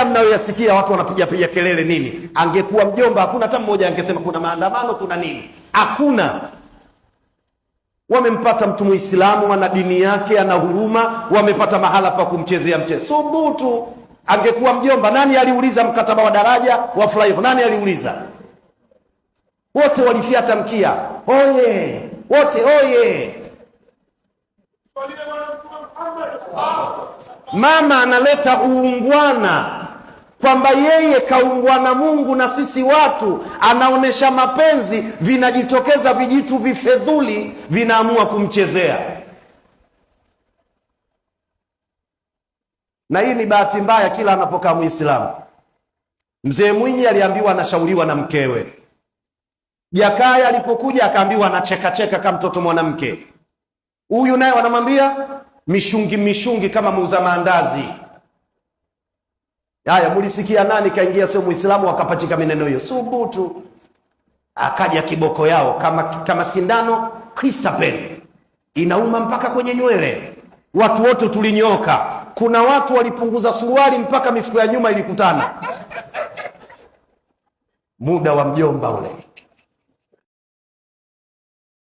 haya mnayoyasikia watu wanapiga kelele nini, angekuwa mjomba, hakuna hata mmoja angesema kuna maandamano, kuna nini. Hakuna. Wamempata mtu Muislamu, ana dini yake, ana huruma, wamepata mahala pa kumchezea mchezo. Subutu! Angekuwa mjomba, nani aliuliza mkataba wa daraja wa fly Nani aliuliza? Wote walifyata mkia, oye! Wote oye! Mama analeta uungwana kwamba yeye kaungwa na Mungu na sisi watu, anaonyesha mapenzi, vinajitokeza vijitu vifedhuli, vinaamua kumchezea. Na hii ni bahati mbaya kila anapokaa Muislamu. Mzee Mwinyi aliambiwa anashauriwa na mkewe. Jakaya alipokuja akaambiwa anachekacheka kama mtoto mwanamke. Huyu naye wanamwambia mishungi mishungi kama muuza maandazi. Haya, mulisikia nani kaingia sio Muislamu akapachika mineno hiyo? Subutu, akaja kiboko yao kama, kama sindano Christopher inauma mpaka kwenye nywele. Watu wote tulinyoka. Kuna watu walipunguza suruali mpaka mifuko ya nyuma ilikutana. Muda wa mjomba ule.